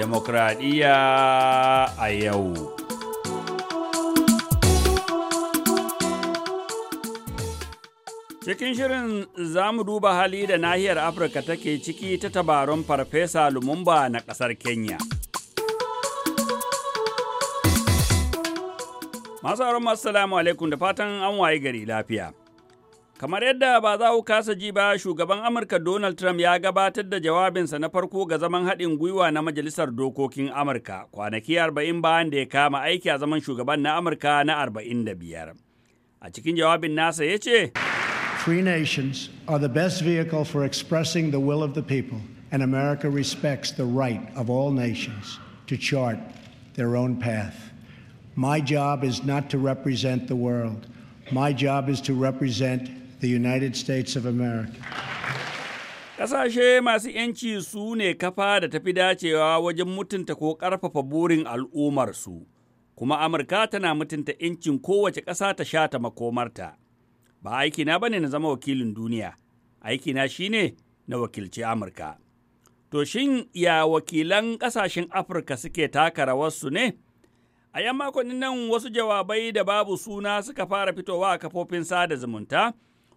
demokradiyya a yau. Cikin shirin za mu duba hali da nahiyar Afirka take ciki ta tabarun Farfesa Lumumba na ƙasar Kenya. Masu auren masu salamu alaikum da fatan an waye gari lafiya. Kamar yadda ba za ku kasa ji ba, shugaban Amurka Donald Trump ya gabatar da jawabinsa na farko ga zaman haɗin gwiwa na Majalisar Dokokin Amurka kwanaki arba'in bayan da ya kama aiki a zaman shugaban na Amurka na arba'in da biyar. A cikin jawabin nasa ya ce, Free nations are the best vehicle for expressing the will of the people, and America respects the right of all nations to chart their own path. My job is not to represent the world. My job is to represent the United States of America. Ƙasashe masu ‘yanci su ne kafa da tafi dacewa wajen mutunta ko ƙarfafa burin al'ummarsu, kuma Amurka tana mutunta ‘yancin kowace ƙasa ta sha ta makomarta. Ba aikina ba ne na zama wakilin duniya, aikina shi ne na wakilci Amurka. To shin ya wakilan ƙasashen Afirka suke taka rawarsu ne? A ‘yan makonnin nan wasu jawabai da babu suna suka fara fitowa a kafofin sada zumunta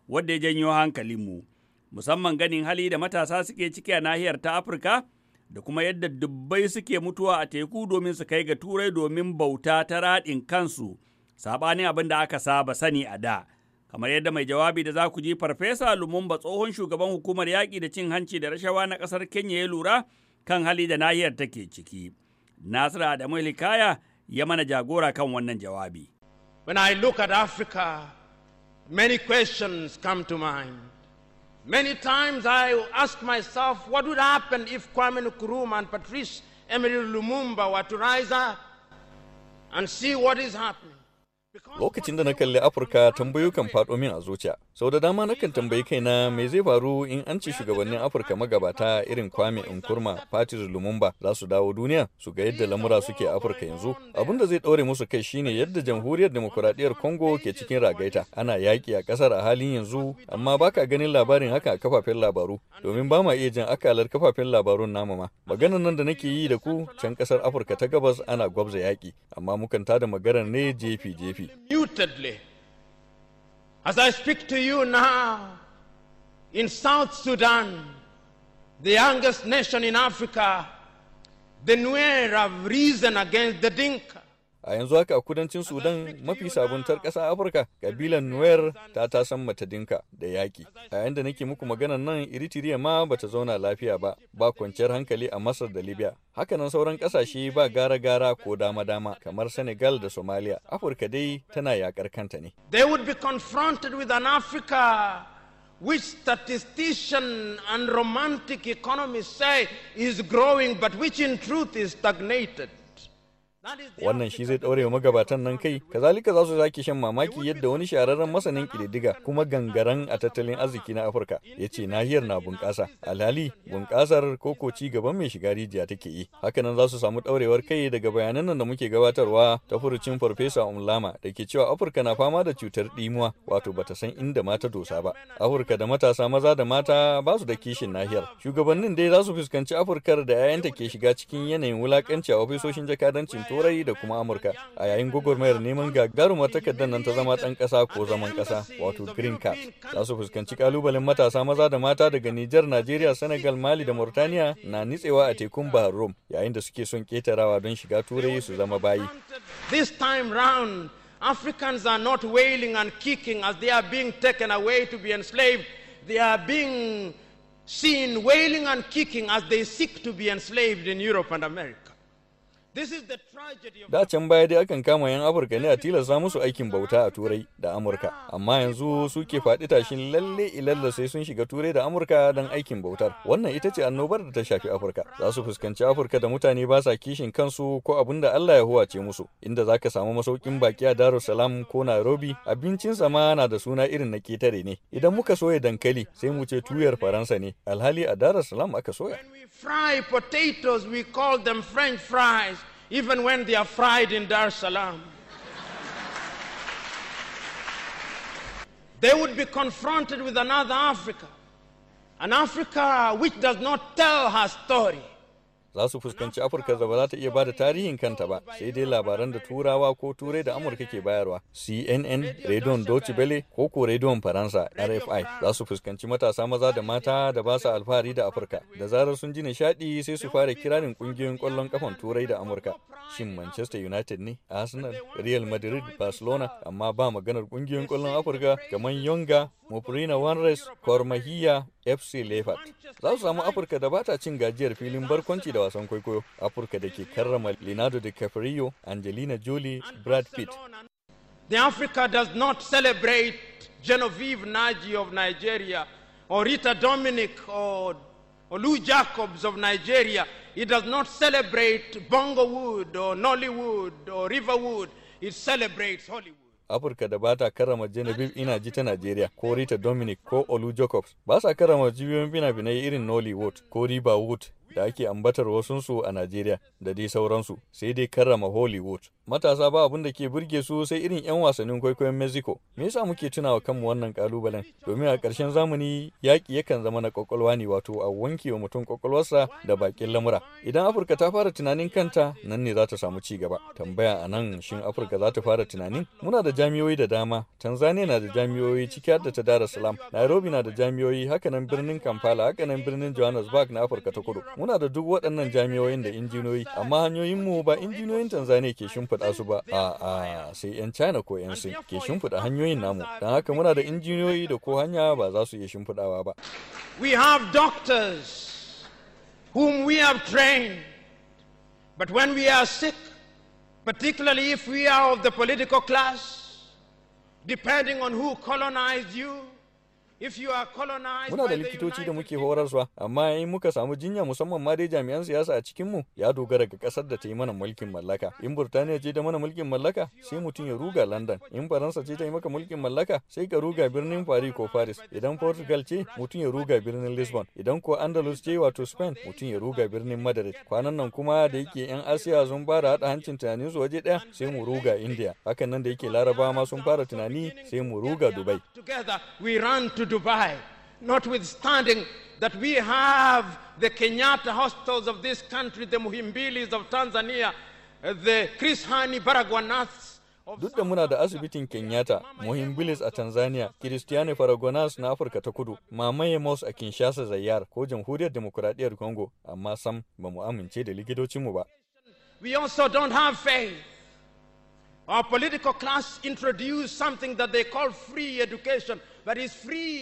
wadda ya janyo hankalinmu, musamman ganin hali da matasa suke ciki a nahiyar ta Afirka da kuma yadda dubbai suke mutuwa a teku domin su kai ga turai domin bauta ta raɗin kansu, saɓanin abin da aka saba sani a da. Kamar yadda mai jawabi da za ku ji Farfesa Lumumba tsohon shugaban hukumar yaƙi da cin hanci da rashawa na ƙasar Kenya ya lura kan hali da nahiyar take ciki. Nasiru Adamu Hikaya ya mana jagora kan wannan jawabi. When I look at Africa Many questions come to mind. Many times I ask myself, what would happen if Kwame Nkrumah and Patrice Emery Lumumba were to rise up and see what is happening? Lokacin da na kalli Afirka tambayo kan faɗo min a zuciya, sau da dama nakan tambayi kaina mai zai faru in an ci shugabannin afirka magabata irin kwame nkurma patrice lumumba za su dawo duniya su ga yadda lamura suke afirka yanzu abin da zai ɗaure musu kai shine yadda jamhuriyar demokuraɗiyyar congo ke cikin ragaita ana yaƙi a ƙasar a halin yanzu amma baka ganin labarin haka a kafafen labaru domin ba ma iya jin akalar kafafen labarun namu ma maganar nan da nake yi da ku can ƙasar afirka ta gabas ana gwabza yaƙi amma mukan tada maganar ne jefi jefi As I speak to you now, in South Sudan, the youngest nation in Africa, the Nuer have risen against the Dinka. a yanzu haka a kudancin sudan mafi sabuntar ƙasa afirka kabilan nuwer ta tasan mata dinka da yaƙi a yayin da nake muku maganan nan eritrea ma bata zauna lafiya ba ba kwanciyar hankali a masar da libya hakanan sauran ƙasashe ba gara-gara ko dama-dama kamar senegal da somalia afirka dai tana yakar kanta ne they would be confronted with an africa which statistician and romantic economists say is growing but which in truth is stagnated Wannan shi zai ɗaure magabatan nan kai, kazalika za su sake shan mamaki yadda wani shahararren masanin ƙididdiga kuma gangaren a tattalin arziki na Afirka ya ce nahiyar na bunƙasa. Alhali bunƙasar koko ci gaban mai shiga rijiya take yi. Hakanan za su samu ɗaurewar kai daga bayanan nan da muke gabatarwa ta furucin Farfesa Umlama da ke cewa Afirka na fama da cutar ɗimuwa wato bata san inda mata dosa ba. Afirka da matasa maza da mata ba su da kishin nahiyar. Shugabannin dai za su fuskanci Afirkar da 'ya'yanta ke shiga cikin yanayin wulakanci a ofisoshin jakadancin turai da kuma amurka a yayin gwagwarmayar neman gagarumar takardar nan ta zama ɗan ƙasa ko zaman ƙasa wato green card za su fuskanci kalubalen matasa maza da mata daga nijar najeriya senegal mali da mauritania na nitsewa a tekun bahar rome yayin da suke son ketarawa don shiga turai su zama bayi this time round africans are not wailing and kicking as they are being taken away to be enslaved they are being seen wailing and kicking as they seek to be enslaved in Europe and America. Da can baya dai akan kama 'yan Afirka ne a tilasta musu aikin bauta a Turai da Amurka, amma yanzu suke faɗi tashin lalle ilalla sai sun shiga Turai da Amurka don aikin bautar. Wannan ita ce annobar da ta shafi Afirka. Za su fuskanci Afirka da mutane ba sa kishin kansu ko abin da Allah ya huwace musu, inda za ka samu masaukin baki a Darussalam ko Nairobi, abincin sama na da suna irin na ketare ne. Idan muka soya dankali sai mu ce tuyar Faransa ne, alhali a Darussalam aka soya. potatoes, we call them French fries. even when they are fried in Dar es Salaam. they would be confronted with another Africa, an Africa which does not tell her story. za su fuskanci afirka da ba za ta iya bada tarihin kanta ba sai dai labaran da turawa ko turai da amurka ke bayarwa cnn rediyon deutsche wele ko ko rediyon faransa rfi za su fuskanci matasa maza da mata da ba su alfahari da afirka da zarar sun ji nishadi sai su fara kiranin ƙungiyoyin kwallon kafan turai da amurka shin manchester united ne arsenal real madrid barcelona amma ba maganar ƙungiyoyin kwallon afirka kamar yonga Mopurina Wanres, Kormahia, FC Leifert. Za su samu Afirka da bata cin gajiyar filin barkwanci da wasan kwaikwayo. Afirka da ke karrama Leonardo DiCaprio, Angelina Jolie, Brad Pitt. The Africa does not celebrate Genevieve Naji of Nigeria or Rita Dominic or, or Lou Jacobs of Nigeria. It does not celebrate Bongo Wood or Nollywood or Riverwood. It celebrates Hollywood. Afirka da ba ta karama Genevieve ji ta Najeriya ko Rita Dominic ko Olu Jacobs ba sa karama jibiyoyin bina-binai irin Nollywood ko Riba Wood da ake ambatar wasunsu a Najeriya da dai sauransu sai dai karrama Hollywood. Matasa ba abin da ke burge su sai irin 'yan wasannin kwaikwayon Mexico. Me yasa muke tunawa kanmu wannan kalubalen? Domin a ƙarshen zamani yaƙi yakan zama na kwakwalwa ne wato a wanke wa mutum kwakwalwarsa da bakin lamura. Idan Afirka ta fara tunanin kanta nan ne za ta samu ci gaba. Tambaya a nan shin Afirka za ta fara tunanin? Muna da jami'oi da dama. Tanzania na da jami'oi ciki har da ta Dar es Salaam. Nairobi na da jami'oi nan birnin Kampala haka nan birnin Johannesburg na Afirka ta Kudu. Muna da duk waɗannan jami'oyin da injiniyoyi, amma hanyoyinmu ba injiniyoyin Tanzania ke shimfiɗa su ba, a a sai 'yan China ko 'yan Sin ke shimfiɗa hanyoyin namu. Don haka muna da injiniyoyi da ko hanya ba za su iya shimfiɗawa ba. We have doctors whom we have trained, but when we are sick, particularly if we are of the political class, depending on who colonized you, Muna da likitoci da muke horarwa, amma in muka samu jinya musamman ma dai jami'an siyasa a cikinmu ya dogara ga ƙasar da ta yi mana mulkin mallaka. In Burtaniya ce ta mana mulkin mallaka, sai mutum ya ruga London. In Faransa ce ta yi maka mulkin mallaka, sai ka ruga birnin Paris ko Paris. Idan Portugal ce, mutum ya ruga birnin Lisbon. Idan ko Andalus ce wato Spain, mutum ya ruga birnin Madrid. Kwanan nan kuma da yake 'yan Asiya sun fara haɗa hancin tunanin su waje ɗaya, sai mu ruga India. Hakan nan da yake Larabawa ma sun fara tunani, sai mu ruga Dubai. Dubai, notwithstanding that we have the Kenyatta hostels of this country, the Muhimbilis of Tanzania, the Chris Hani Baragwanaths Duk da muna da asibitin Kenyatta, Muhimbilis a Tanzania, Cristiano Faragonas na Afirka ta Kudu, mamaye Mos a Kinshasa Zayyar ko Jamhuriyar Demokuraɗiyyar Congo, amma sam ba mu amince da likitocinmu ba. We also don't have faith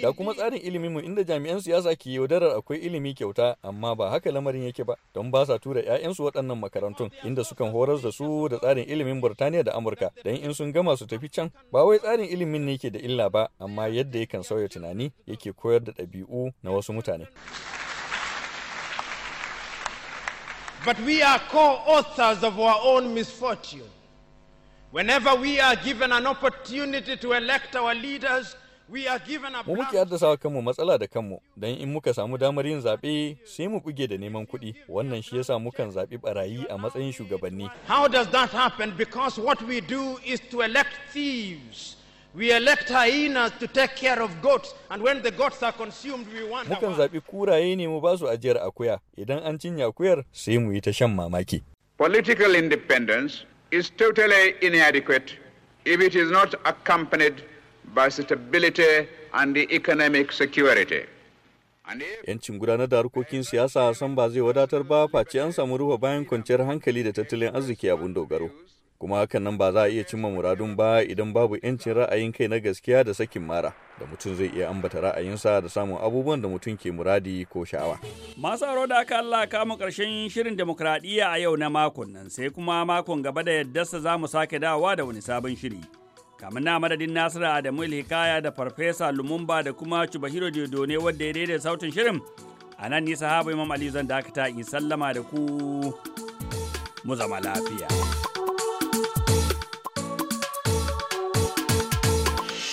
Da kuma tsarin iliminmu inda jami'an siyasa ke yaudarar akwai ilimi kyauta amma ba haka lamarin yake ba don ba sa tura 'ya'yansu waɗannan makarantun inda sukan horar da su da tsarin ilimin Burtaniya da Amurka don in sun gama su tafi can ba wai tsarin ilimin ne ke da illa ba amma yadda ya kan sauya tunani yake koyar da ɗabi'u na wasu mutane. But we are co-authors of our own misfortune. Whenever we are given an opportunity to elect our leaders, we are given a Mu muke haddasa wa kanmu matsala da kanmu, don in muka samu damar yin zaɓe sai mu buge da neman kuɗi. Wannan shi yasa mukan zaɓi ɓarayi a matsayin shugabanni. How does that happen? Because what we do is to elect thieves. We elect hyenas to take care of goats, and when the goats are consumed, we want Mukan zaɓi kuraye ne mu ba su ajiyar akuya, idan an cinye akuyar sai mu yi ta shan mamaki. Political independence is totally inadequate if it is not accompanied by stability and the economic security. Yancin gudanar da harkokin siyasa san ba zai wadatar ba face an samu rufe bayan kwanciyar hankali da tattalin arziki abun dogaro. kuma hakan nan ba za a iya cimma muradun ba idan babu yancin ra'ayin kai na gaskiya da sakin mara da mutum zai iya ambata ra'ayinsa da samun abubuwan da mutum ke muradi ko sha'awa. Masu aro da aka Allah kama karshen shirin demokradiyya a yau na makon nan sai kuma makon gaba da yaddarsa za mu sake dawowa da wani sabon shiri. Kamin na madadin Nasiru Adamu Hikaya da Farfesa Lumumba da kuma Chubahiro ne wadda ya daidai sautin shirin. A nan ni sahaba Imam Ali zan dakata in sallama da ku mu zama lafiya.